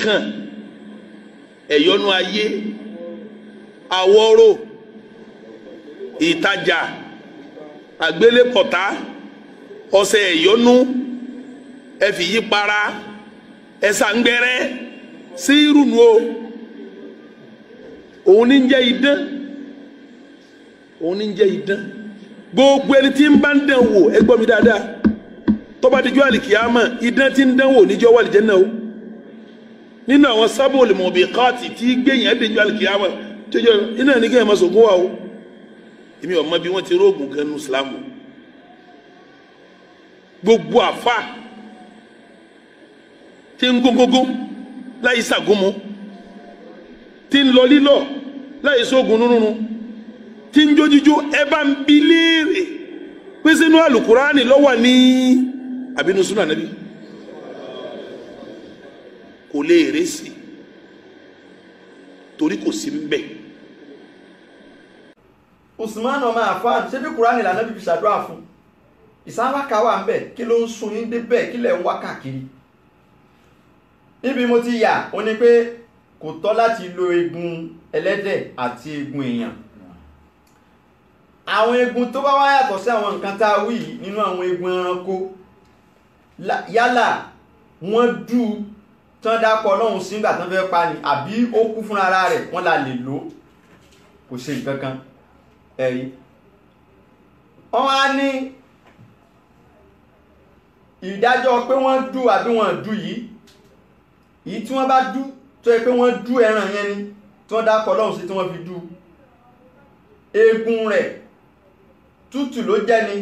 kàn ẹ̀yọ́nú ayé àwọ̀rò ìtajà àgbélépọ̀tá ọṣẹ ẹ̀yọ́nú ẹ̀fìyípara ẹ̀sàngbẹ́rẹ́ sí o òun ní jẹ́ idán òun ní jẹ́ idán gbogbo ẹni tí ń bá ń dán wò ẹ gbọ́ mi dáadáa tó bá dijọ́ àlìkìyàmọ̀ idán tí ń dán wò níjọ́ wà náà o nínú àwọn sábòlì mọ̀bí káàtì tí gbẹ̀yìn ẹ̀dẹ̀jọ́ alìkìyàwó jẹjọ́ iná ní kẹ́hìn mọ́sọ̀ gún wa o èmi ọ̀mọ bí wọ́n ti róògùn gan nu ìsìlámù gbogbo àfa tí ń gógógó láyé sàgómọ tí ń lọ lílọ láyé sóògùn nínú tí ń jójíjó ẹ bá ń bi léèrè pé sínú àlùkùránì ló wà ní àbínú súnà nàbí kò lè rèsì torí kò sí ń bẹ̀. Usman ọmọ àfáàn ṣé bí kúránì lànà bíbí ṣàdúrà fún ìsáwáka wà ń bẹ̀ kí ló ń sun yín débẹ̀ kí lẹ̀ ń wá káàkiri níbi mo ti yà ó ní pé kò tọ́ láti lo egun ẹlẹ́dẹ̀ àti egun èèyàn àwọn egun tó bá wá yàtọ̀ sí àwọn nǹkan tá a wí nínú àwọn egun ẹranko yálà wọ́n dùn tán dákọ ọlọ́run sí nígbà tán fẹ́ pa ni àbí ó kú fúnra ara rẹ̀ wọ́n la lè lò kò ṣe nǹkan kan ẹ̀rí wọ́n á ní ìdájọ́ pé wọ́n dú àbí wọ́n dú yìí yìí tí wọ́n bá dú tó yẹ pé wọ́n dú ẹran yẹn ni tí wọ́n dákọ ọlọ́run sí tí wọ́n fi dú eegun rẹ̀ tútù ló jẹ́ ni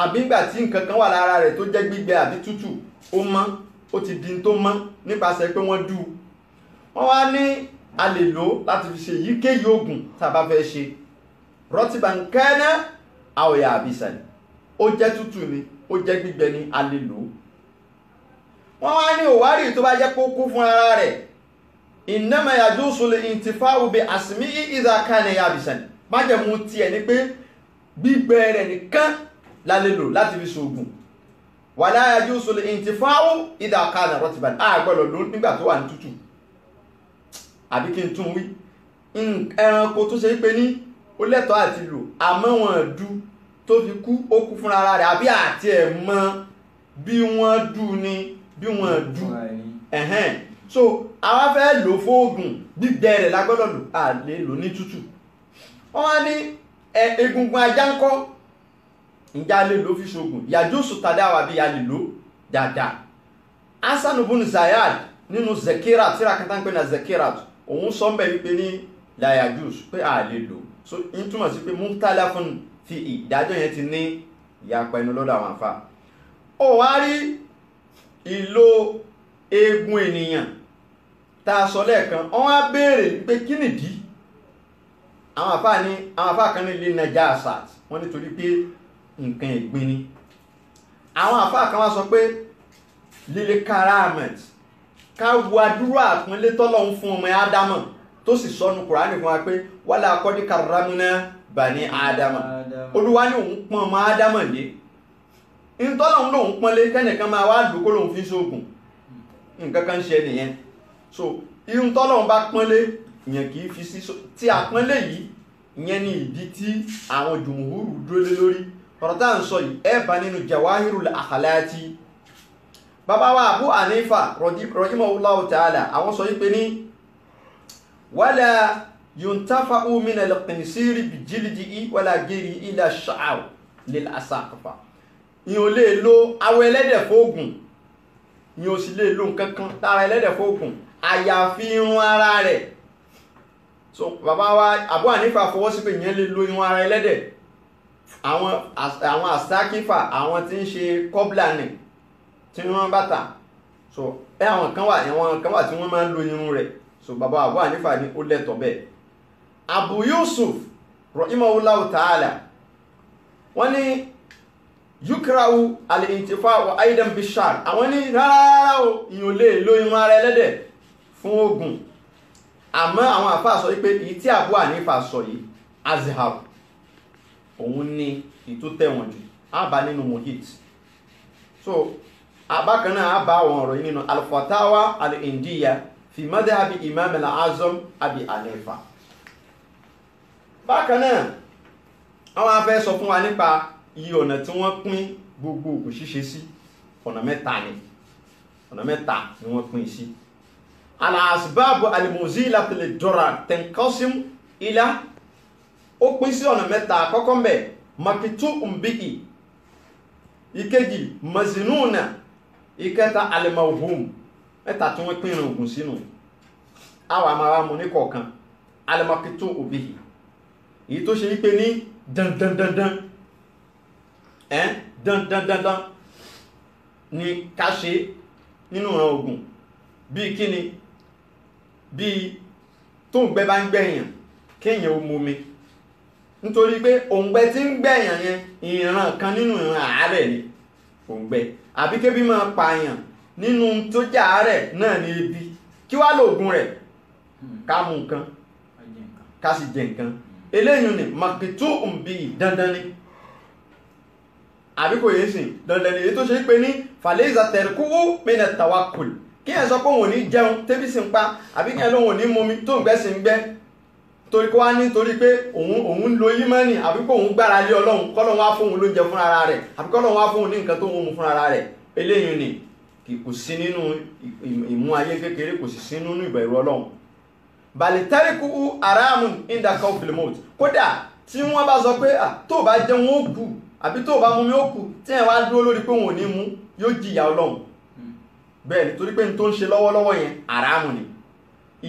àbí ìgbà tí nǹkan kan wà lára rẹ̀ tó jẹ́ gbígbẹ àbí tútù ó mọ́ ó ti di tó mọ́ nípasẹ̀ pé wọ́n dú wọ́n wá ní a lè lò láti fi ṣe èyíkéyìí oògùn tá a bá fẹ́ ṣe rọtìbàǹkẹ́nẹ́ àwòyà àbísàn ó jẹ́ tútù ni ó jẹ́ gbígbẹ ni a lè lò wọ́n wá ní òwárì tó bá jẹ́ kókó fún ara rẹ̀ ìnáma yàdúsù lè ìntìfà àsìmí ìdá kánẹ̀ àbísàn májẹ̀mú tiẹ̀ ni pé gbígbẹ rẹ̀ nìkan la lò láti fi ṣoògùn wàlá yajuzu al-intifa'u idha kana ratiban á gbọ́dọ̀ ló nígbà tó wà ní tútù àbí kí n tún wí ẹranko tó ṣe pé ní ó lẹ́tọ̀ọ́ àti lò àmọ́ wọn dù tó fi kú ó kú fúnra rẹ̀ àbí àti ẹ̀ mọ bí wọ́n dù ni bí wọ́n dù ẹ̀hẹ́n so àwa fẹ́ lò fóògùn gbígbẹ rẹ̀ lágbọ́dọ̀ lò à lè lò ní tútù wọ́n wá ní egungun ajá ń kọ́ ǹjẹ́ a lè lò fi ṣoògùn yàjọ́sù tàdé àwọn àbí yàlè lò dáadáa Hasan ibn Zayad nínú zekira tíra kan tán pé na zekira òun sọ mbẹ wípé ní layajus pé a lè so n túmọ̀ sí pé mukhtalafun fi ìdájọ́ yẹn ti ní ìyapa ẹnu lọ́dọ̀ àwọn àfa ó wá rí ìlò eegun ènìyàn tá a sọ lẹ́ẹ̀kan wọ́n á béèrè pé kí nìdí àwọn àfa ni àwọn kan ní lè najaasat wọ́n nítorí pé nǹkan ìgbín ni àwọn àfáà kan wá sọ pé líle karamet ká wo àdúrà àpínlẹ̀ tọ́lọ́hún fún ọmọ ádámọ̀ tó sì sọnù kùránì fún wa pé wàlá akọ́dí karamuna bani ádámọ̀ olúwa ní òun pọ́n ọmọ ádámọ̀ lé ntọ́lọ́hún lòun pọ́nlé kẹ́nìkan máa wá dùkọ́ lòun fi sóògùn nǹkan kan ṣe nìyẹn so irun tọ́lọ́hún bá pọ́nlé yẹn kì í fi sí tí àpọ́nlé yìí ìyẹn ni ìdí tí àwọn jùmùhúrù dúró lé lórí ọ̀rọ̀ tá à ń sọ yìí ẹ bá nínú jawahiru al-akhlaqi bàbá wa Abu Hanifa rahimahullahu ta'ala àwọn sọ wípé ní wala yuntafa'u min al-qinsiri bi jildihi wala ghairi ila ash-sha'r lil asaqfa ìyẹn ò lè lo awọ ẹlẹ́dẹ̀ fóògùn ìyẹn sì lè lo nǹkan kan lára ẹlẹ́dẹ̀ fóògùn àyàfi irun ara rẹ̀ so bàbá Abu Hanifa fọwọ́ sí pé ìyẹn lè lo irun ara ẹlẹ́dẹ̀ àwọn àwọn àsákífà àwọn tí ń ṣe kọ́bùlà nì tí wọ́n bàtà so ẹ àwọn kan wà àwọn kan wà tí wọ́n máa ń lo irun rẹ̀ so bàbá àbúrò ànífà ni ó lẹ́tọ̀ bẹ́ẹ̀ Abu Yusuf rahimahullahu ta'ala wọ́n ní yukrahu al-intifa wa aidan bishar àwọn ní rárá o ìyàn lè lo irun ara ẹlẹ́dẹ̀ fún oògùn àmọ́ àwọn àfáà sọ wípé èyí tí àbúrò ànífà sọ yìí azhar òun ni ìtú tẹ̀wọ̀n jù á nínú mohit so abákan náà á bá àwọn ọ̀rọ̀ yìí nínú alfatawa al-indiya fi madhabi imam al-azam abi alefa bákan náà àwọn afẹ́ sọ fún wa nípa iye ọ̀nà tí wọ́n pín gbogbo òkú ṣíṣe sí ọ̀nà mẹ́ta ni ọ̀nà mẹ́ta ni wọ́n pín sí al-asbab al-muzila lè ila ó pín sí ọ̀nà mẹ́ta àkọ́kọ́ ń bẹ̀ makitu mbiki ìkejì mazinuna ìkẹta alimahum mẹ́ta tí wọ́n pín ìrìn ògùn sínú àwọn amára mu ní kọ̀ọ̀kan alimakitu obihi èyí tó ṣe wípé ní dandandandan ẹ́ dandandandan ni ká ṣe nínú ìran ògùn bíi kíni bíi tó ń gbẹ bá ń gbẹ̀yàn kéèyàn ó mú mi nítorí pé òǹgbẹ tí ń gbẹ̀yàn yẹn ìran kan nínú ìran àárẹ̀ ni òǹgbẹ àbí kébí máa pààyàn nínú tó jẹ́ àárẹ̀ náà ni ebi kí wá lóògùn rẹ̀ hmm. ká mú nǹkan ká sì jẹ nǹkan hmm. eléyìí ni màkìtú òǹbí dandan ni àbí kò sìn dandan ni èyí tó ṣe é pé ní faleza tẹ̀rẹ̀kúwó mẹ́nà tawakkul kí ẹ̀ sọ pé òun ò ní jẹun tẹ́bí sì ń pa àbí kí ẹ̀ ò ní mumi tó ń gbẹ́ sì ń gbẹ́ torí kó wá nítorí pé òun òun lo yímọ́nì àbí kó òun gbára lé ọlọ́run kọ́lọ́run wá fóun lóúnjẹ fún ara rẹ̀ àbí kọ́lọ́run wá fóun ní nǹkan tó ń mu fún ara rẹ̀ eléyìí ni kò sí nínú ìmú ayé kékeré kò sì sí nínú ìbẹ̀rù ọlọ́run. bàlítẹ́ríkù aráàmù indakọ̀ filimot kódà tí wọ́n bá sọ pé tó o bá jẹun ó kù àbí tó o bá mumi ó kù tí ẹ̀ wá dúró lórí pé òun ò ní mú yóò jìyà ọlọ́run hmm. bẹ́ẹ̀ nítorí pé n tó ń ṣe lọ́wọ́lọ́wọ́ yẹn aráàmù ni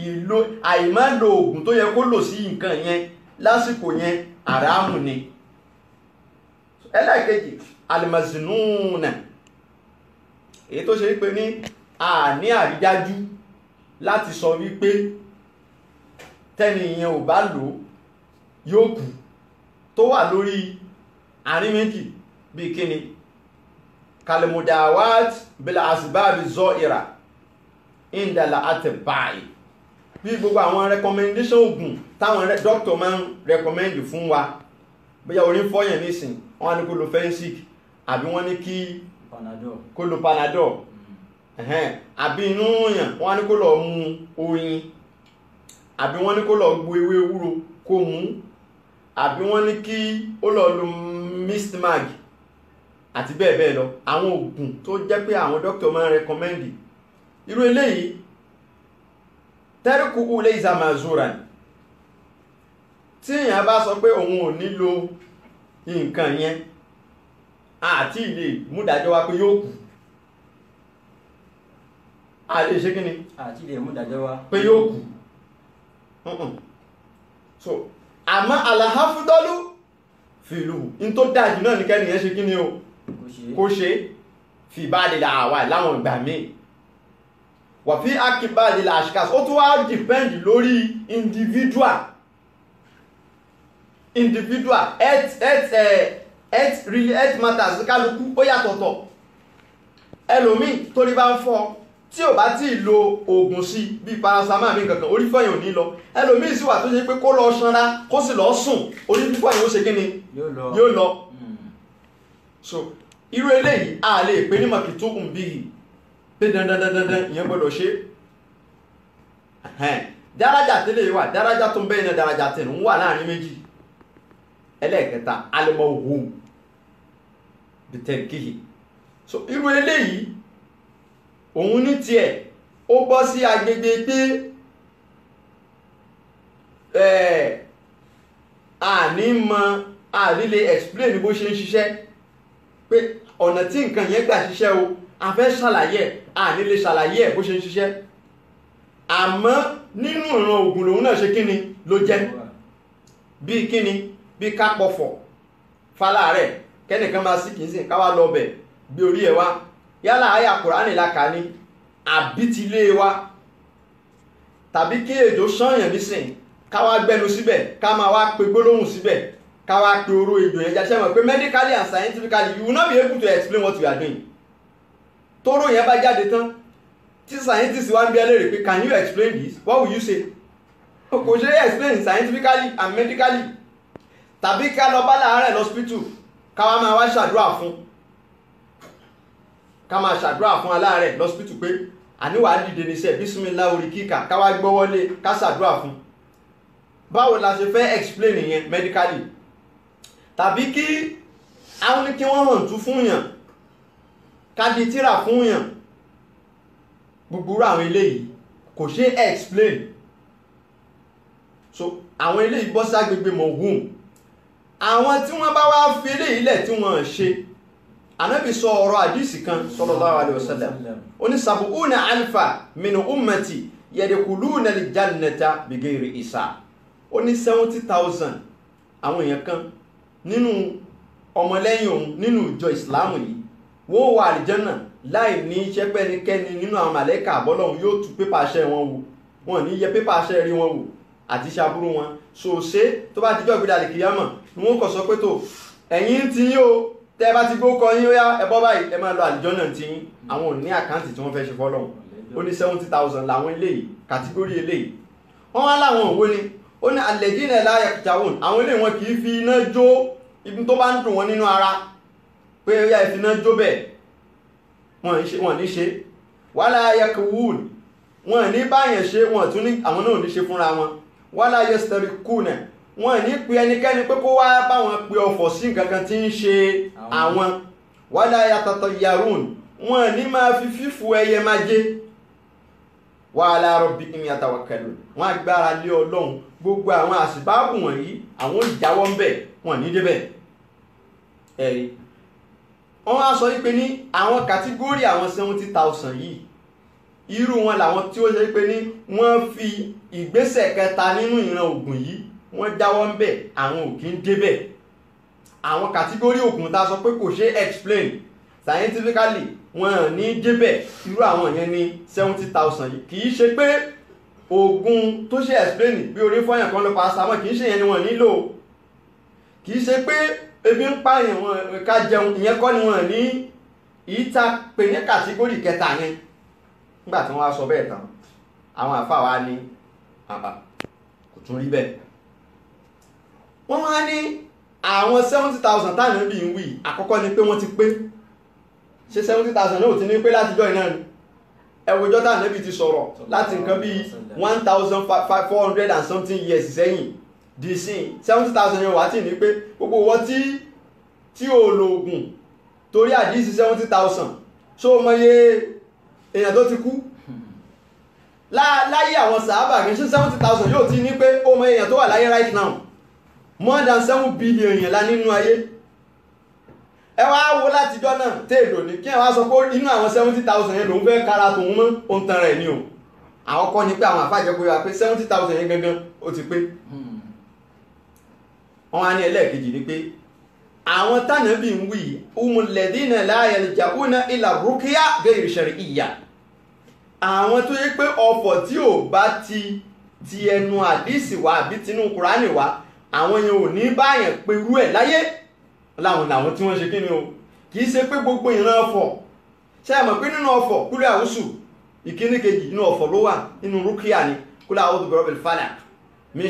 ìlò àìmọ́ lo oògùn tó yẹ kó lò sí nǹkan yẹn lásìkò yẹn àràmù ni ẹlẹ́ẹ̀kejì alimazinuna èyí tó ṣe wípé ní àní àrídájú láti sọ wípé tẹ́ni yẹn ò bá lò yóò kú tó wà lórí àárín méjì bíi kíni kalimudawat bila zọ ira indala ati báyìí bí gbogbo àwọn recommendation oògùn táwọn doctor máa ń recommend fún wa bóyá orí ń fọyàn nísìn wọn á ní kó lo fensic àbí wọn ní kí kó lo panadol mm. àbí inú yàn wọn á ní kó lọ mu oyin àbí wọn ní kó lọ gbo ewé ewúro kó mu àbí wọ́n ní kí ó lọ lo mist mag àti bẹ́ẹ̀ bẹ́ẹ̀ lọ àwọn oògùn tó jẹ́ pé àwọn doctor máa ń rẹkọmẹ́ndì irú eléyìí tẹ́rìkù ulé ìzàmàzúra tí èèyàn bá sọ pé òun ò nílò nǹkan yẹn àti ilé múdájọ́ wa pé yóò kù àti ìṣe kí ni àti ilé múdájọ́ wa pé yóò kù so àmọ́ aláháfúdọ́lú fìlú in tó dájú náà ní kẹ́nìyàn ṣe kí ni o kò ṣe fi bá lè dà àwà láwọn ìgbà míì wàfí akíbáàdì làṣíkàṣ ó tún wá dìpẹ́ǹdì lórí individual individual health health eh, health really health matters kálukú ó yàtọ̀tọ̀ ẹlòmíì torí bá ń fọ́ tí ò bá tí ì lo oògùn sí bíi paracetamol àbí kankan orí fọyín ò ní lọ ẹlòmíì sì wà tó ṣe pé kó lọ sanra kó sì lọ sùn orí fọyín ó ṣe kí ni yóò lọ hmm. so irú eléyìí a lè pè ní mọ̀kìtúkùn bíi pé dandandandandan ìyẹn gbọ́dọ̀ ṣe dárájà tẹ́lẹ̀ wà dárájà tó ń bẹ́ẹ̀ náà dárájà tẹ̀lé ń wà láàrin méjì ẹlẹ́ẹ̀kẹta alimọ̀ òhun bìtẹ̀kìhì so irú eléyìí òun ní tiẹ̀ ó bọ́ sí agbègbè pé àní mọ àní lè explain bó ṣe ń ṣiṣẹ́ pé ọ̀nà tí nǹkan yẹn gbà ṣiṣẹ́ o a ṣàlàyé ẹ̀ a ṣàlàyé bó ṣe ń ṣiṣẹ́ àmọ́ nínú ìran ògùn lòun náà ṣe kíni ló jẹ́ bí kíni bí ká fálà rẹ̀ kẹ́nìkan máa sí kìí sìn káwá lọ bẹ̀ gbé orí ẹ̀ wá yálà àyà kùránì la kà ní àbí wa tàbí kí èdò sànyàn nísìn káwá gbẹnu síbẹ̀ ká máa wá pe gbólóhùn síbẹ̀ káwá pe oró èdò yẹn mọ̀ pé medically and scientifically you will not be able to explain what you are doing tóró yẹn bá jáde tán tí scientist wá ń bí ẹlẹ́rìí pé can you explain this what will you say kò ṣe é explain scientifically and medically tàbí ká lọ bá láàárẹ̀ lọ́spítù ká wá máa wá ṣàdúrà fún ká máa ṣàdúrà fún aláàárẹ̀ lọ́spítù pé àníwàá dìde níṣẹ́ bísímìlá orí kíkà ká wá gbọ́wọ́lé ká ṣàdúrà fún báwo la ṣe fẹ́ explain yẹn medically tàbí kí àwọn ní kí wọ́n hàn tún fún yàn kádi tíra fún yàn gbogbo àwọn eléyìí kò ṣe explain so àwọn eléyìí bọ́ ságbègbè mọ̀ wùn àwọn tí wọ́n bá wá fi eléyìí lẹ̀ tí wọ́n ṣe anabi sọ ọ̀rọ̀ àdìsí kan sallallahu alaihi wasallam ó ní sabuuna alfa min ummati yadkhuluna aljannata bighairi hisab ó ní seventy thousand àwọn èèyàn kan nínú ọmọlẹ́yìn òun nínú ìjọ ìsìláàmù yìí wọ́n wà àlìjẹ́nà láì ní iṣẹ́ pẹ́nikẹ́ni nínú àwọn màlẹ́kà àbọ́lọ́hún yóò tú pépà iṣẹ́ wọn wò wọn ní yẹ pépà iṣẹ́ rí wọn wò àti iṣẹ́ aburú wọn ṣòṣe tó bá dijọ́ ìgbéra àlìkìyàmọ̀ ni wọ́n kọ̀ sọ pé tó ẹ̀yin ti yín o tẹ́ ẹ bá ti gbó kọ yín ó yá ẹ bọ́ báyìí ẹ máa lọ àlìjẹ́nà ti yín àwọn ò ní àkáǹtì tí wọ́n fẹ́ ṣe fọ́lọ́hún ó ní seventy thousand làwọn eléyìí kàtígórì eléyìí wọ́n wá láwọn òwe ni ó ní àlẹ́dínlẹ̀ láyà jàwọ́n àwọn eléyìí wọn kì í fi iná jó ibi tó bá ń dùn wọn nínú ara pé ó yá ìfiná jó bẹ́ẹ̀ wọ́n ní ṣe wàhálà ayẹkẹ wood wọ́n ní báyẹn ṣe wọ́n tún ní àwọn náà ní ṣe fúnra wọn wàhálà ayẹsítẹ́rì kùnà wọ́n ní pe ẹnikẹ́ni pé kó wá báwọn pe ọ̀fọ̀ sí nǹkan kan tí ń ṣe àwọn wàhálà ayatọ̀tọ̀ yarun wọ́n ní máa fi fífò ẹyẹ máa jẹ́ wàhálà rọ̀bì kìíní àtàwọ̀kẹ́lù wọ́n agbára lé ọlọ́run gbogbo àwọn àṣìbáàbù wọ̀nyí àwọn ìjáwọ́ ń bẹ̀ wọ́n ní débẹ̀ ẹ̀rí wọ́n á sọ wípé ní àwọn kàtígórì àwọn seventy thousand yìí irú wọn làwọn tí ó ṣe pé ní wọ́n fi ìgbésẹ̀ kẹta nínú ìran ògùn yìí wọ́n jáwọ́ ń bẹ̀ àwọn ò kí ń débẹ̀ àwọn kàtígórì ògùn tá a sọ pé kò ṣe explain scientifically wọn ò ní débẹ̀ irú àwọn yẹn ní seventy thousand yìí kì í ṣe pé ògùn tó ṣe explain bí orí fọyàn kan ló pa àṣà wọn kì í ṣe yẹn ni wọn nílò kì í ṣe pé ebi ń pààyàn wọn ká jẹun ìyẹn kọ́ ni wọn ní ìta pè ní kàtígórì kẹta yẹn nígbà tí wọ́n á sọ bẹ́ẹ̀ tán àwọn àfáà wa ní àbá kò tún rí bẹ́ẹ̀ wọ́n wá ní àwọn seventy thousand táwọn bí ń wì àkọ́kọ́ ni pé wọ́n ti pé ṣe seventy thousand náà ti ní pé látijọ́ iná ni ẹ̀wọ̀jọ́ táwọn ẹbí ti sọ̀rọ̀ láti nǹkan bíi one thousand five hundred and something years sẹ́yìn di sin seventy thousand yẹn wà tí ní pé gbogbo wọn tí tí ò lo oògùn torí àdísí seventy thousand so mọye èèyàn tó ti kú láyé àwọn sàábà kì í ṣe seventy thousand yóò ti ní pé ó mọ èèyàn tó wà láyé right now more than seven billion èèyàn la nínú ayé ẹ wá wo látijọ́ náà téèdò ní kí ẹ wá sọ pé inú àwọn seventy thousand yẹn lòún fẹ́ kára tòun mọ́ òun tan rẹ̀ ni o àwọn kọ́ ni pé àwọn àfàjẹ́ pé wa pé seventy thousand yẹn gangan ó ti pé. Hmm wọn á ní ẹlẹ́ẹ̀kejì ni pé àwọn tánàbí ń wí umùlẹ̀dínà láàyè ìjàkúnà ìlà rúkìá gẹ̀rì ṣẹ̀rì ìyà àwọn tó yẹ pé ọ̀fọ̀ tí ò bá ti ti ẹnu àdìsí wa àbí tinú kúránì wa àwọn yẹn ò ní báyẹn perú ẹ̀ láyé láwọn làwọn tí wọ́n ṣe kí ni o kì í ṣe pé gbogbo ìran ọ̀fọ̀ ṣe é pé nínú ọ̀fọ̀ kúlẹ̀ àwùsù ìkíní kejì nínú ọ̀fọ̀ ló wà nínú rúkìá ni kúlẹ̀ àwùsù bẹ̀rẹ̀ bẹ̀rẹ̀ falak min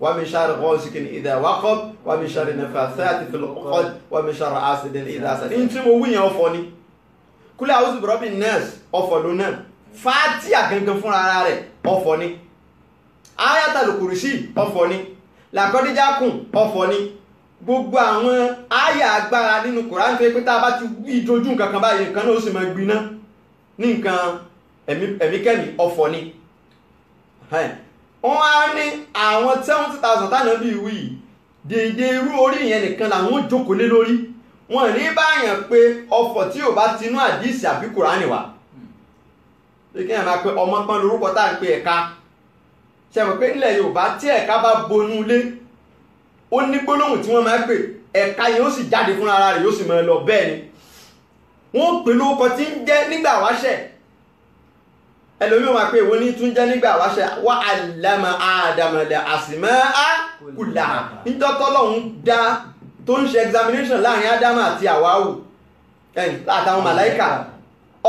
ومن شر غوسك إذا وقب ومن شر النفاثات في العقد ومن شر حاسد إذا حسد ntí mo wúyẹn ọ̀fọ̀ ni kúlẹ̀ àwùjọ bùrọ́bì nurse ọ̀fọ̀ ló náà fàtíà gangan fúnra rẹ̀ ọ̀fọ̀ ni ayatul kursi ọ̀fọ̀ ni làkọ́díjákùn ọ̀fọ̀ ni gbogbo àwọn àyà agbára nínú koran tó yẹ pé tá a bá ti wí ìdojú nǹkan kan báyìí nǹkan náà ó sì máa gbiná ní nǹkan ẹ̀mí kẹ́mi ọ̀fọ̀ ni wọ́n á ní àwọn seventy thousand tánà bíi wí dèdè irú orí yẹn nìkan làwọn jókòó lé lórí wọn ní báyàn pé ọfọ̀ tí ò bá tinú àdìsí àbí kùránì wá pé kí ẹ̀ máa pe ọmọ pọ́n lórúkọ tá à ń pe ẹ̀ka ṣe mọ̀ pé nílẹ̀ Yorùbá tí ẹ̀ka bá bonú lé ó ní gbólóhùn tí wọ́n máa pè ẹ̀ka yẹn ó sì jáde fúnra rẹ̀ yóò sì máa lọ bẹ́ẹ̀ ni wọ́n pè lórúkọ tí ń jẹ́ nígbà wáṣẹ̀ ẹlòmíì wọn pé ìwọ́n ní tún jẹ́ nígbà wáṣẹ wá àlámà àdàmàdà àsìmọ́ á kùlà nítọ́tọ́lọ́hún dá tó ń ṣe examination láàrin ádámà àti àwáwù àtàwọn màláìkà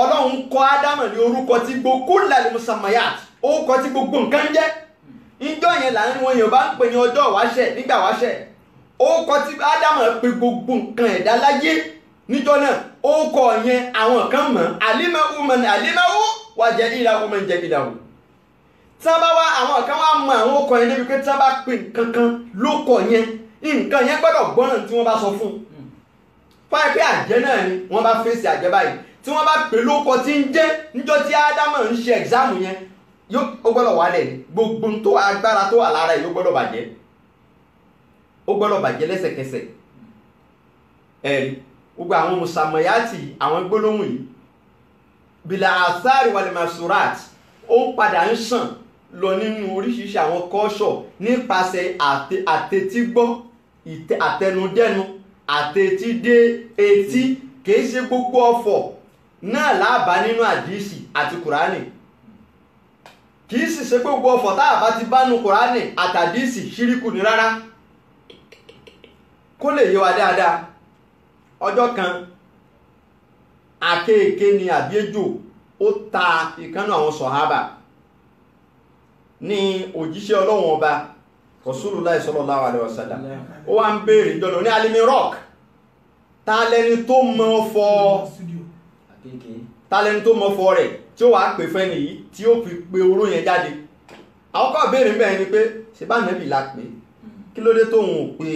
ọlọ́run kọ́ ádámà ní orúkọ tí gbogbo lálẹ́ musamaya orúkọ tí gbogbo nǹkan jẹ́ níjọ́ yẹn là ń wọn yẹn bá ń pè ní ọjọ́ wáṣẹ nígbà wáṣẹ orúkọ tí ádámà pe gbogbo nǹkan ẹ̀dá láyé níjọ́ náà ó kọ yẹn àwọn kan mọ̀ alimahu man alimahu wa jahilahu man jahilahu tí wọ́n bá wá àwọn kan wá mọ àwọn ọkọ̀ yẹn débi pé tí wọ́n kankan ló kọ yẹn nǹkan yẹn gbọ́dọ̀ gbọ́ràn tí wọ́n bá sọ fún un fáwọn pé àjẹ́ náà ni wọ́n bá fèsì àjẹ́ báyìí tí wọ́n bá pè lóko tí ń jẹ́ níjọ́ tí ádámà ń ṣe ẹ̀gzámù yẹn yóò ó gbọ́dọ̀ wálẹ̀ ni gbogbo tó agbára tó wà lára yìí ó gbọ́dọ̀ bàjẹ́ ó gbọ́dọ̀ bàjẹ́ lẹ́sẹ̀kẹsẹ̀ ẹ̀rí gbogbo àwọn mùsàmọ̀yàtì àwọn gbólóhùn yìí bìlà àsáàrì wàlẹ̀ masurat ó padà ń sàn lọ nínú oríṣiríṣi àwọn kọ́ṣọ̀ nípasẹ̀ àtẹtígbọ́ àtẹnudẹ́nu àtẹtídé etí kìí ṣe gbogbo ọ̀fọ̀ náà láàbá nínú àdìsí àti kùránì kìí sì ṣe gbogbo ọ̀fọ̀ táàbá ti bá kùránì àtàdìsí ṣíríkù ní rárá kó lè yé wa dáadáa ọjọ́ kan àkekèé ni àbí ejò ó ta ìkànnà àwọn sọ̀hábà ní òjíṣẹ́ ọlọ́wọ̀n ọba Rasulullahi sallallahu alaihi wasallam ó wá ń béèrè ìjọlọ ní alimi rock ta lẹni tó mọ fọ ta lẹni tó mọ fọ rẹ̀ tí ó wà pè fẹ́ nìyí tí ó fi pe oró yẹn jáde àwọn kọ́ béèrè bẹ́ẹ̀ ni pé ṣe bá nẹ́bì la pè hmm. kí ló dé tóun ò pe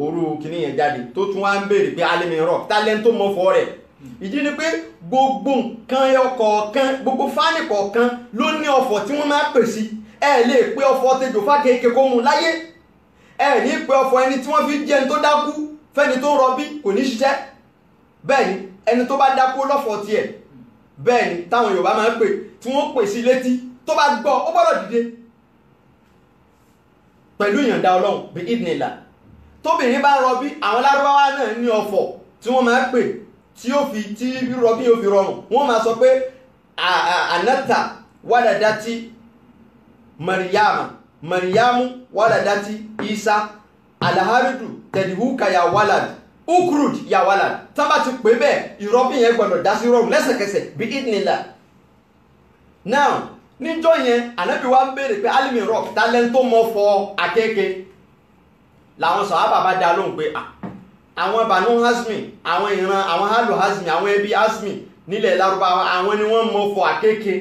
orú kìíní yẹn jáde tó tún wá ń béèrè pé alẹ́ mi rọ̀ tálẹ́ńtò mọ́ fọ́ rẹ̀ hmm. ìdí ni pé gbogbo nǹkan ọkọ̀ọ̀kan gbogbo fáànì kọ̀ọ̀kan ló ní ọ̀fọ̀ tí wọ́n máa pè sí ẹ lè pe ọ̀fọ̀ tejò fákèéké kó mu láyé ẹ ní pe ọ̀fọ̀ ẹni tí wọ́n fi jẹun tó dákú fẹ́ni tó ń rọbí kò ní ṣiṣẹ́ bẹ́ẹ̀ ni ẹni tó bá dákú lọ́fọ̀ tiẹ̀ bẹ́ẹ̀ ni táwọn Yorùbá máa ń pè tí wọ́n pè sí létí tó bá gbọ́ ó gbọ́dọ̀ dìde pẹ̀lú ìyànda Ọlọ́run bí ìdìnnìlà tóbìnrin bá rọbí àwọn lárúbáwá náà ní ọ̀fọ̀ tí wọ́n máa pè tí ó fi tí rọbí yóò fi rọrùn wọ́n máa sọ pé anata wàdàdàtì mariama mariamu wàdàdàtì isa alaharidu tẹ̀díhùkà yà wàlàd ukrud yà wàlàd tábà ti pè bẹ́ẹ̀ ìrọbí yẹn gbọ́dọ̀ dá sí rọrùn lẹ́sẹ̀kẹsẹ̀ bí idinila now níjọ́ yẹn ànábì wa ń béèrè pé alimi rock talent tó mọ̀ fọ akéèké làwọn sàhábà bá dá lóhùn pé àwọn banu hasmi àwọn ìran àwọn halu hasmi àwọn ẹbí hasmi nílẹ̀ lárúbáwá àwọn ni wọ́n mọ̀ fọ àkékè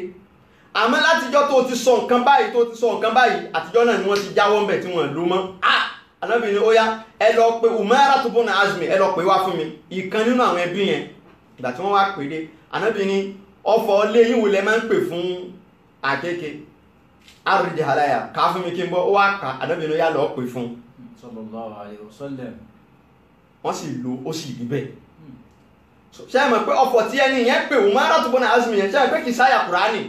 àmọ́ látijọ́ tó ti sọ nǹkan báyìí tó ti sọ nǹkan báyìí àtijọ́ náà ni wọ́n ti jáwọ́ ńbẹ̀ tí wọ́n lò mọ́ ah Ànábì ní ó yá ẹ lọ pé Umaira tó bọ́nà azmi ẹ lọ pè wá fún mi ìkan nínú àwọn ẹbí yẹn ìgbà tí wọ́n wá pè dé Ànábì ní ọfọ̀ lé yín wulẹ̀ máa ń pè fún àkékè àrùjẹ àlàyà ká kí n bọ́ ó wá kà Ànábì ó yá lọ pè fún sallallahu alayhi wa sallam wọ́n sì lo ó sì rí bẹ́ẹ̀ hmm. ṣe é mọ̀ pé ọkọ̀ tí ẹni yẹn pè wọ́n máa rọ́tùbọ́n náà azmi yẹn ṣe é pé kì í sáyà kùránì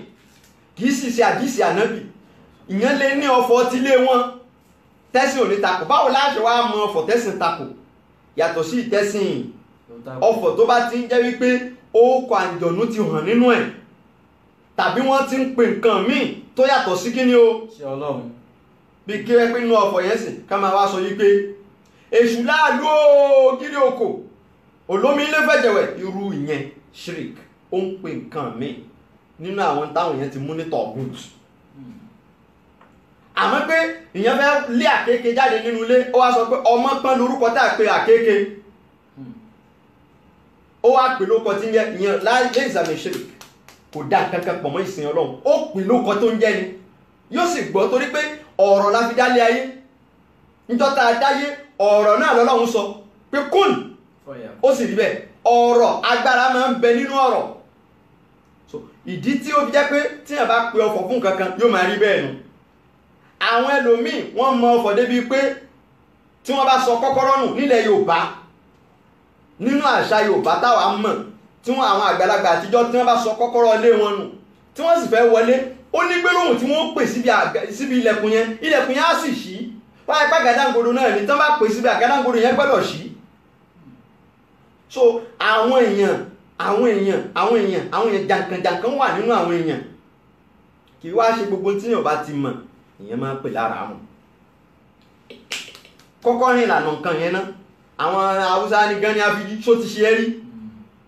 kì í sì ṣe àdìsí ànábì ìyẹn lè ní ọfọ̀ tilé wọn tẹ́sìn òní takò báwo láṣẹ wá mọ ọfọ̀ tẹ́sìn takò yàtọ̀ sí ìtẹ́sìn ọfọ̀ tó bá ti ń jẹ́ wípé orúkọ àǹjọ̀nú ti hàn nínú ẹ̀ tàbí wọ́n ti ń pè nǹkan míì tó yàtọ̀ sí kíni o ṣe ọlọ́run bí kí wọ́n pín inú ọ̀fọ̀ yẹn sìn ká máa wá sọ yí pé èṣù láàlú ògiri oko olómi ilé fẹ̀jẹ̀wẹ̀ irú ìyẹn shrik ó ń pè nǹkan mi nínú àwọn táwọn yẹn ti mú ní tọ̀gùt àmọ́ pé ìyẹn fẹ́ lé àkékè jáde nínú ilé ó wá sọ pé ọmọ pọ́n lórúkọ tá a pe àkékè ó wá pè lóko tí ń jẹ ìyẹn láì lé ìsàmì shrik kò dá kankan pọ̀ mọ́ ìsìn ọlọ́run ó pè lóko tó ń jẹ ni yóò sì gbọ́ torí pé ọ̀rọ̀ la fi dálé ayé níjọ́ta dáyé ọ̀rọ̀ náà lọ́lọ́run sọ pé kún ó sì rí bẹ́ẹ̀ ọ̀rọ̀ agbára máa ń bẹ nínú ọ̀rọ̀ ìdí tí ó fi jẹ́ pé tíyàn bá pe ọfọ̀ fún kankan yóò máa rí bẹ́ẹ̀ nu àwọn ẹlòmíì wọ́n mọ ọfọ̀ débi pé tí wọ́n bá sọ kọ́kọ́rọ́ nù nílẹ̀ Yorùbá nínú àṣà Yorùbá táwa mọ̀ tí wọ́n àwọn àgbàlagbà àtijọ́ tí wọ́n bá sọ kọ́kọ́rọ́ lé wọn nù tí wọ́n sì fẹ́ wọlé ó ní gbólóhùn tí wọ́n pè síbi ilẹ̀kùn yẹn ilẹ̀kùn yẹn á sì ṣí wáyé pé gàdáǹgodo náà ní tán bá pè síbi àgàdáǹgodo yẹn gbọ́dọ̀ ṣí so àwọn èèyàn àwọn èèyàn àwọn èèyàn àwọn èèyàn jàǹkànjàǹkàn wà nínú àwọn èèyàn kì í wá ṣe gbogbo tí èèyàn bá ti mọ̀ èèyàn máa ń pè lára mu kọ́kọ́ ní ìlànà nǹkan yẹn ná àwọn haúsá ní gan ni a fi ṣó ti ṣe é rí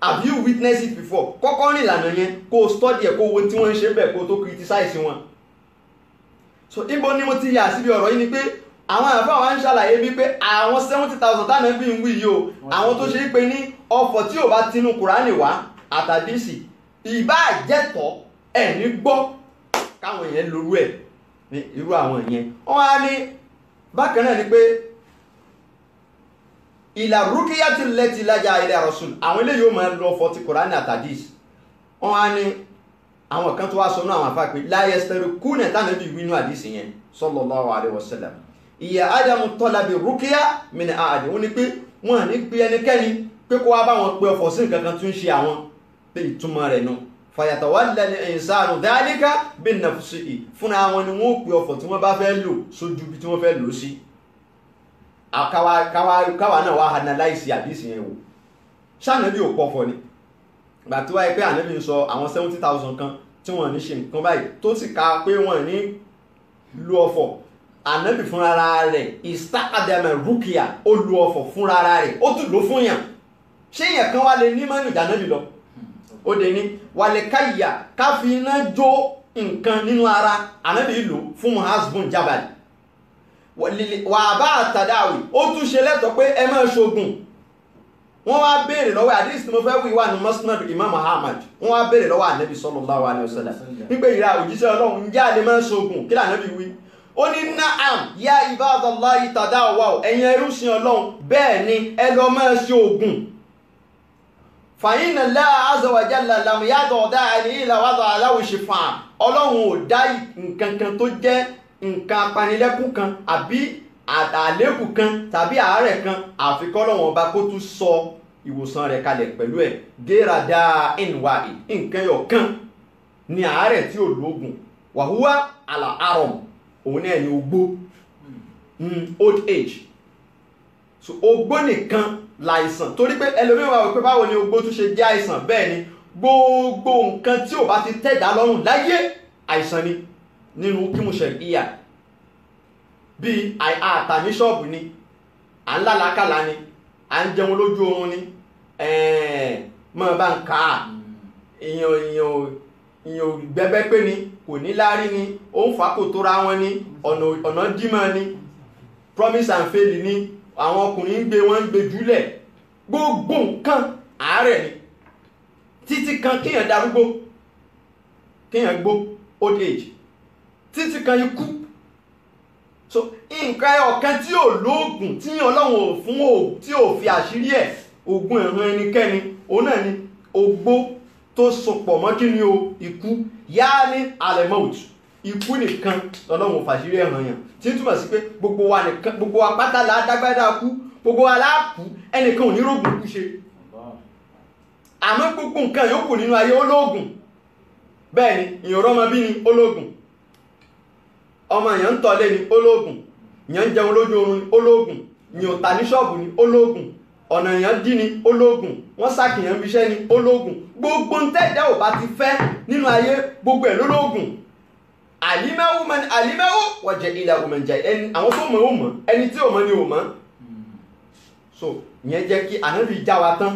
have you witnessed it before kọ́kọ́ rìn ìlànà yẹn kó o study ẹ̀ kó o wo tí wọ́n ń ṣe bẹ́ẹ̀ kó o tó criticize wọn so ibo ni mo ti yà síbi ọ̀rọ̀ yìí ni pé àwọn àbá wa ń ṣàlàyé wípé àwọn seventy thousand tá à ń fi ń wí yìí o àwọn tó ṣe é pé ní ọ̀fọ̀ tí ò bá tinú kùránì wá àtàdísì ìbá àjẹtọ̀ ẹ̀ ní gbọ́ káwọn yẹn lorú ẹ̀ ní irú àwọn yẹn wọ́n á ní bákan náà ni pé ìlà rúkìá ti lẹ́tì lájà ilẹ̀ rọ̀sùn àwọn eléyìí ó máa lọ fọtí kùránì àtàdís wọn á ní àwọn kan tó wá sọ náà àwọn afá pé láyé sẹ́rù kúnẹ̀ táwọn ibi wínú àdís yẹn sallallahu alaihi wasallam ìyá ádámù tọ́lá bí rúkìá mìíràn àdé wọn ni pé wọn à ní pe ẹnikẹ́ni pé kó wá bá wọn pe ọ̀fọ̀ sí nǹkan kan tó ṣe àwọn pé ìtumọ̀ rẹ̀ nù fàyàtọ̀wálẹ̀ ní ìsáàrùn dáálíkà bí nàfṣì fúnra wọn ni wọn ó pe ọ̀fọ̀ tí wọ́n bá fẹ́ lò sójú bí tí wọ́n fẹ́ lò sí káwa ah, káwa káwa náà wá analyze àdìsí yẹn wò ṣáànàbí ò pọ̀ fọ ni gbà tó wáyé pé ànábì ń sọ àwọn seventy thousand kan tí wọ́n ní ṣe nǹkan báyìí tó sì ka pé wọ́n ní lu ọ̀fọ̀ ànábì fúnra rẹ̀ ìsítàkàdàmẹ rúkìá ó lu ọ̀fọ̀ fúnra rẹ̀ ó tún lò fún yàn ṣé yẹn kan wá lè ní mọ́nì ìdánábì lọ ó dé ní wàlẹ̀ káyà káfíńná jó nǹkan nínú ara ànábì lò fún hasbun jabali wà bá àtàdáwì ó tún ṣe lẹ́tọ̀ọ́ pé ẹ máa ṣoògùn wọ́n wá béèrè lọ́wọ́ àdìsí mo fẹ́ wíwá ní musnad imam ahmad wọ́n wá béèrè lọ́wọ́ ànábì sallallahu alaihi wasallam wípé ìrà òjíṣẹ́ ọlọ́run ǹjẹ́ àlè máa ṣoògùn kí lànàbì wí ó ní naam ya ibadallahi tadawaw ẹ̀yin ẹrúsìn ọlọ́run bẹ́ẹ̀ ni ẹ lọ máa ṣe ògùn fàyínà láà azọ̀wájà làlàmúyàtọ̀ ọ̀dà àìní ìlàwàdà aláwòṣe fà ọlọ́run ò dá nǹkan kan tó jẹ́ nǹkan apanilẹ́kún kan àbí àléébù kan tàbí àárẹ̀ kan àfi kọ́lọ́wọ́n ọba kó tún sọ ìwòsàn rẹ̀ kalẹ̀ pẹ̀lú ẹ̀ gérada ìnùwà nǹkan ẹyọ kan ni àárẹ̀ tí ò lóògùn wàhúwá àlà àrọ̀m òun náà ni ogbó hmm, old age so ogbó nìkan láìsàn torí pé ẹlòmíràn wà pé báwo ni ogbó tún ṣe jẹ́ àìsàn bẹ́ẹ̀ ni gbogbo nǹkan tí ò bá ti tẹ̀dá lọ́rùn láyé àìsàn ni nínú kímù ṣẹ̀ríyà bíi àtà ní ṣọ́ọ̀bù ni à ń lálàákàlà ni à ń jẹun lójú oorun ni mọ̀ bá ń kà á èèyàn èèyàn èèyàn pé ni kò ní láárí ni ó ń fa kò tóra wọn ni ọ̀nà dímọ̀ ni promise and fail ni àwọn ọkùnrin ń gbé wọn ń gbé jùlẹ̀ gbogbo nǹkan àárẹ̀ ni títí kan kéèyàn darúgbó kéèyàn gbó old age títí kan ikú so nǹkan ọ̀kan tí ò lóògùn tí ọlọ́run ò fún ò tí ò fi àṣírí ẹ̀ ògùn ẹ̀ràn ẹnikẹ́ni òun náà ni ogbó tó sopọ̀ mọ́ kí ni o ikú yá ní alẹ́mọ́ọ̀tù ikú nìkan lọ́lọ́run ò fàṣírí ẹ̀ràn yàn tí ń túmọ̀ sí pé gbogbo wa nìkan gbogbo wa pátá là á dágbádá kú gbogbo wa là á kú ẹnìkan ò ní rògùn kú ṣe àmọ́ gbogbo nǹkan yòókù nínú ayé olóògùn bẹ́ẹ̀ ni ìyọ̀rọ̀ ọmọ bí ni olóògùn ọmọ èèyàn ń tọ́lé ni ológun èèyàn ń jẹun lójú oorun ni ológun èèyàn ò ta ní ṣọ́ọ̀bù ni ológun ọ̀nà èèyàn dín ni ológun wọ́n sàkìyàn fi iṣẹ́ ni ológun gbogbo ń tẹ́jẹ́ ò bá ti fẹ́ nínú ayé gbogbo ẹ̀ lólógun àlímẹ́wò mẹ́ni àlímẹ́wò wọ̀jẹ̀ ilẹ̀ òmẹ̀jẹ̀ ẹni àwọn tó mọ̀ ò mọ̀ ẹni tí ò mọ̀ ni ò mọ̀ so ìyẹn jẹ́ kí ànábì já wa tán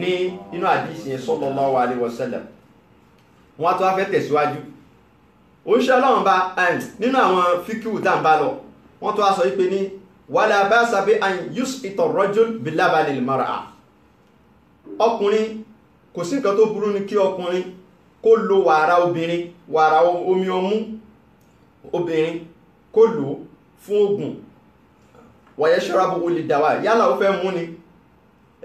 ní inú àdìsí yẹn sallallahu alaihi wasallam wọ́n á tó wá fẹ́ tẹ̀síwájú oṣù ọlọ́run bá nínú àwọn fíkìwù tá à ń bá lọ wọ́n tó wá sọ wípé ní wàlá bá sábẹ́ àn yus ìtọ̀ rọ́jòl bilábalẹ̀ mara ọkùnrin kò sí nǹkan tó burú ni kí ọkùnrin kó lo wàrà obìnrin wàrà omi ọmú obìnrin kó lò fún oògùn wàyẹ ṣọ́ràbù olè dàwà yálà ó fẹ́ mú ni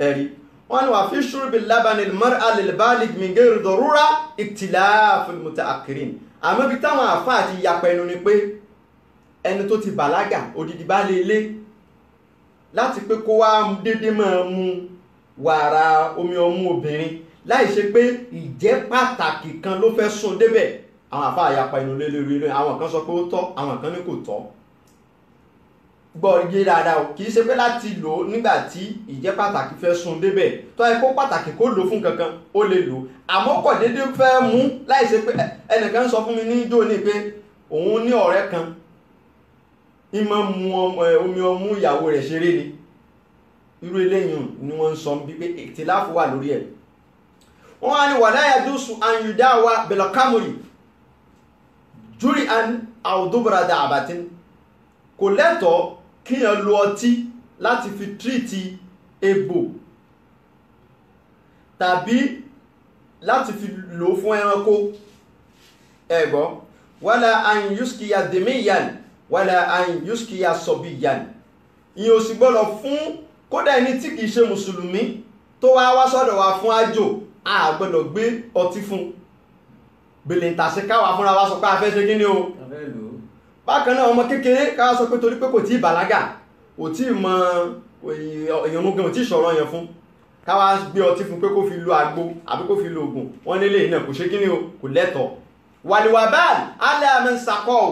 ẹ̀rí wọ́n ní wà fi ṣúrù bilábalẹ̀ mara alẹ́ bá lè gbìngẹ́ rẹ̀ dọ̀rúra ìtìláàfin mutaakirin àmọ́ ibi táwọn àáfàá ti yapa ẹnu ni pé ẹni tó ti bàlágà òdìdí bá lè lé láti pé kó wá dédé máa mu wàrà omi ọmú obìnrin láì ṣe pé ìjẹ́ pàtàkì kan ló fẹ́ sùn débẹ̀ àwọn àáfàá yapa ẹnu lé lórí àwọn kan sọ pé ó tọ́ àwọn kan ní kò tọ́ gbọ́ yé dáadáa o kì í ṣe pé láti lò ó nígbà tí ìjẹ́ pàtàkì fẹ́ sun débẹ̀ tó ẹ kó pàtàkì kó lò fún kankan ó lè lò àmọ́ kọ̀ déédéé fẹ́ mú láì ṣe pé ẹnìkan sọ fún mi ní ijó ni pé òun ní ọ̀rẹ́ kan ìmọ̀ mu omi ọmú ìyàwó rẹ̀ ṣeré ni irú eléyìí ni wọ́n ń sọ bí pé ìtìláfù wà lórí ẹ̀ wọ́n á ní wàláyà dùsù àyùdá wa bẹ̀lọ̀kámùrì júrì àwòdóbọ̀ràdà àbàtín kò lẹ́tọ̀ọ́ kíyàn lo ọtí láti fi tírìtì egbò tàbí láti fi lò fún ẹranko ẹ̀gbọ́n wàlà àyìn yuskiya dèmíyàn wàlà àyìn yuskiya sọ̀bìyàn ìyẹn ò sì gbọ́dọ̀ fún kódà ẹni tí kìí ṣe mùsùlùmí tó wá wá sọ́dọ̀ wa fún àjò a gbọ́dọ̀ gbé ọtí fún gbèlè ìtàsíkáwà fúnra wa sọ pé a fẹ́ ṣe kí ni o bákan náà ọmọ kékeré ká sọ pé torí pé kò tí ì bàlágà kò tí ì mọ ìyọnu gan ò tí ì sọ̀rọ̀ yẹn fún ká wá gbé ọtí fún pé kó fi lo àgbo àbí kó fi lo oògùn wọn nílé iná kò ṣe kíni o kò lẹ́tọ̀ọ́ wàlíwàbáàl alẹ́ àmì sàkọ́ ò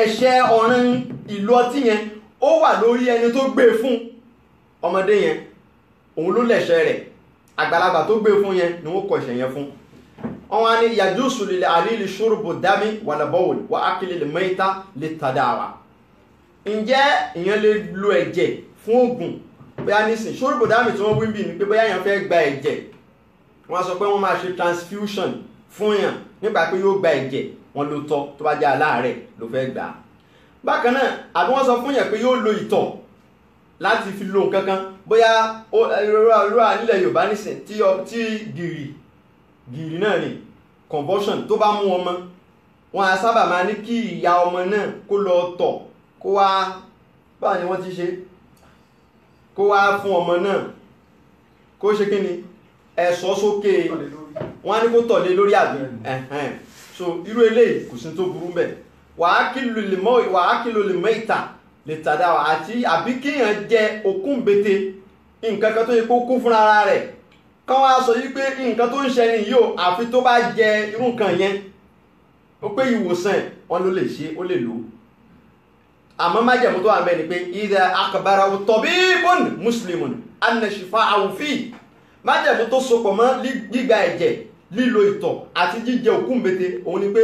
ẹ̀ṣẹ̀ ọ̀ràn ìlú ọtí yẹn ó wà lórí ẹni tó gbé e fún ọmọdé yẹn òun ló lẹ̀ṣẹ̀ rẹ̀ àgbàlagbà tó gbé e fún yẹn ni wọ́n kọ ẹ̀ṣẹ̀ yẹn fún ọwọ́n á ní yàjúùsù lílẹ̀ àlílì ṣùrùbù dámì wàlàbọ́wòl wà ákìlì mẹ́ta lè tàdáwà ǹjẹ́ ìyẹn lè lo ẹ̀jẹ̀ fún oògùn bóyá nísìn ṣùrùbù dámì tí wọ́n wí bì ní pé bóyá èèyàn fẹ́ gba ẹ̀jẹ̀ wọ́n sọ pé wọ́n máa ṣe transfusion fún yàn nígbà pé yóò gba ẹ̀jẹ̀ wọn ló tọ́ tó bá jẹ́ aláàárẹ̀ ló fẹ́ gbà á bákan náà àbí wọ́n sọ fún yàn pé yóò lo ìtọ̀ láti fi lo nǹkan kan bóyá ó rọra nílẹ̀ Yorùbá nísìn tí gìrì gìrì náà ni convulsion tó bá mú ọmọ wọn a sábà máa ní kí ìyá ọmọ náà kó lọ tọ̀ kó wá báwo ni wọ́n ti ṣe kó wá fún ọmọ náà kó ṣe kí ni ẹ̀sọ́ sókè wọ́n á ní kó tọ̀lé lórí àbí so irú eléyìí kò sí tó burú mbẹ̀ wàá kìlò lè mọ ìta lè tàdá àti àbí kéèyàn jẹ okùn bété nǹkan kan tó yẹ kó kún fúnra rẹ̀ kán wá sọ yí pé nǹkan tó ń ṣẹlẹ̀ yìí o àfi tó bá jẹ irú nǹkan yẹn ó pé ìwòsàn wọn ló lè ṣe ó lè lò ó àmọ́ májẹ̀mú tó wà mẹ́ni pé ìdá akabara tọ́bíbọ̀n mùsùlùmùn anàṣìfà àwùfí májẹ̀mú tó sopọ̀ mọ́ gbígba ẹ̀jẹ̀ lílo ìtọ̀ àti jíjẹ òkúńbete òun ni pé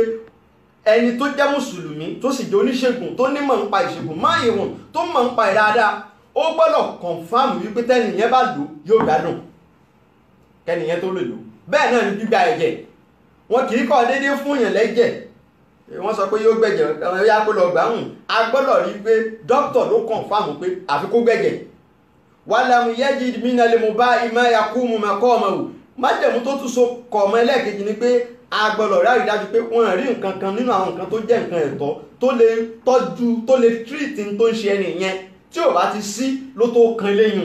ẹni tó jẹ́ mùsùlùmí tó sì jẹ́ oníṣègùn tó nímọ̀ ń pa ìṣègùn má ìrùn tó mọ̀ ń pa ìdáadáa ó gbọ́dọ̀ kọ̀ǹfàmù wípé tẹ́nìyẹn bá lò yóò gbádùn kẹ́niyẹn tó lè lò bẹ́ẹ̀ náà ni gbígba ẹ̀jẹ̀ wọn kì í kọ́ déédé fún yàn lẹ́jẹ̀ eh, wọ́n sọ pé yóò gbẹ̀jẹ̀ ọ̀rọ̀ yá kó lọ gbà hùn a gbọ́dọ̀ rí i pé dókítà ló kọ̀ǹfàmù pé àfi kó gbẹ̀jẹ̀ wàlámù yẹ́jì mínàlè mo bá ìmọ̀ ẹ̀yà kú mu mà ọmọ wò májẹ̀mú tó tún so kọ̀ ọmọ ẹlẹ́ẹ̀kejì ni pé a gbọ́dọ̀ rárí dájú pé wọ́n rí nǹkan kan nínú àwọn nǹkan tó jẹ́ nǹkan ẹ̀tọ́ tó lè tọ́jú tó lè tírìtì tó ń ṣe ẹni tí ò bá ti sí ló tó kan eléyìn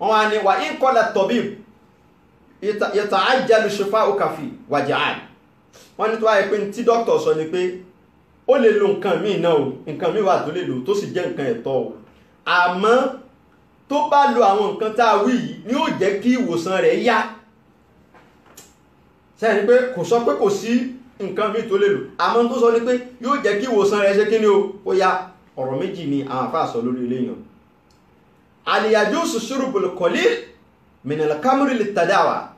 wọ́n á ní wà ń kọ́lá tọ́bíb ìta àjẹlù ṣùfà òkàfì wàjà àn wọ́n ní tó wáyé pé tí dókítà sọ ni pé ó lè lo nǹkan míì náà o nǹkan míì wà tó lè lò tó sì jẹ́ nǹkan ẹ̀tọ́ o àmọ́ tó bá lo àwọn nǹkan tá a wí yìí ni ó jẹ́ kí ìwòsàn rẹ̀ yá sẹ́yìn pé kò sọ pé kò sí nǹkan míì tó lè lò àmọ́ tó sọ ni pé yóò jẹ́ kí ìwòsàn rẹ̀ ṣe kí ni o ó yá ọ̀rọ̀ méjì ni àwọn àfáà sọ lórí eléyìí aliyajusu ṣurubul kọlil minal kamri li tadawa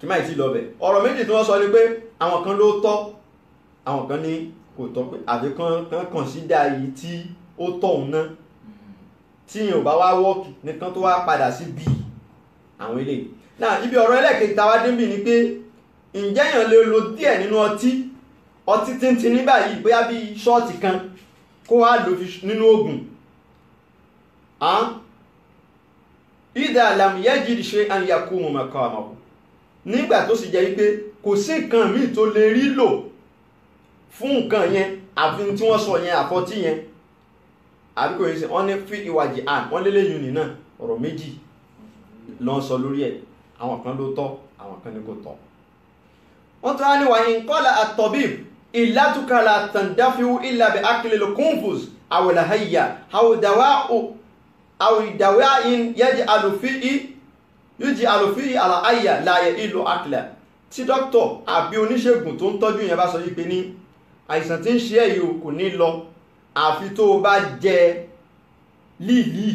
kí máa ti lọ bẹ̀ ọ̀rọ̀ méjì tí wọ́n sọ ni pé àwọn kan ló tọ́ àwọn kan ní kò tọ́ pé àfi kan kan kọ̀nsídà yìí tí ó tọ̀ òun náà tí yìnyín ò bá wá wọ́ọ̀kì nìkan tó wá padà sí bí àwọn eléyìí náà ibi ọ̀rọ̀ ẹlẹ́ẹ̀kejì táwa débì ni pé ǹjẹ́ èèyàn lè lo díẹ̀ nínú ọtí ọtí tíntín ní báyìí bóyá bíi ṣọ́ọ̀tì kan kó wá lò nínú oògùn ìdá àlàmúyájì ṣe àyàkú mọ̀mọ́kọ́ àmọ́ nígbà tó sì jẹ́ wípé kò sí nǹkan míì tó lè rí lò fún nǹkan yẹn àfi tí wọ́n sọ yẹn àfọ́tí yẹn àbí kò yẹ sẹ́ wọ́n ní fi ìwàjì àn wọ́n lélẹ́yìn nì náà ọ̀rọ̀ méjì lọ́n sọ lórí ẹ̀ àwọn kan ló tọ́ àwọn kan ní kò tọ́ wọ́n tún á ní wàyí nkọ́lá àtọ̀bíb ìlàtúkàlà tàǹdáfíwú ìlàbẹ̀ akílẹ̀lẹ̀ kúnfùs àwòlàhàyà àwòdàwà àwìdàwẹ́yìn yẹ́jì àlòfíì yíjì àlòfíì àlàáyà láàyè ìlò àkìlà tí dókítọ̀ àbí oníṣègùn tó ń tọ́jú yẹn bá sọ yí pé ní àìsàn tí ń ṣe ẹ̀yìn kò ní lọ àfi tó o bá jẹ líìlíì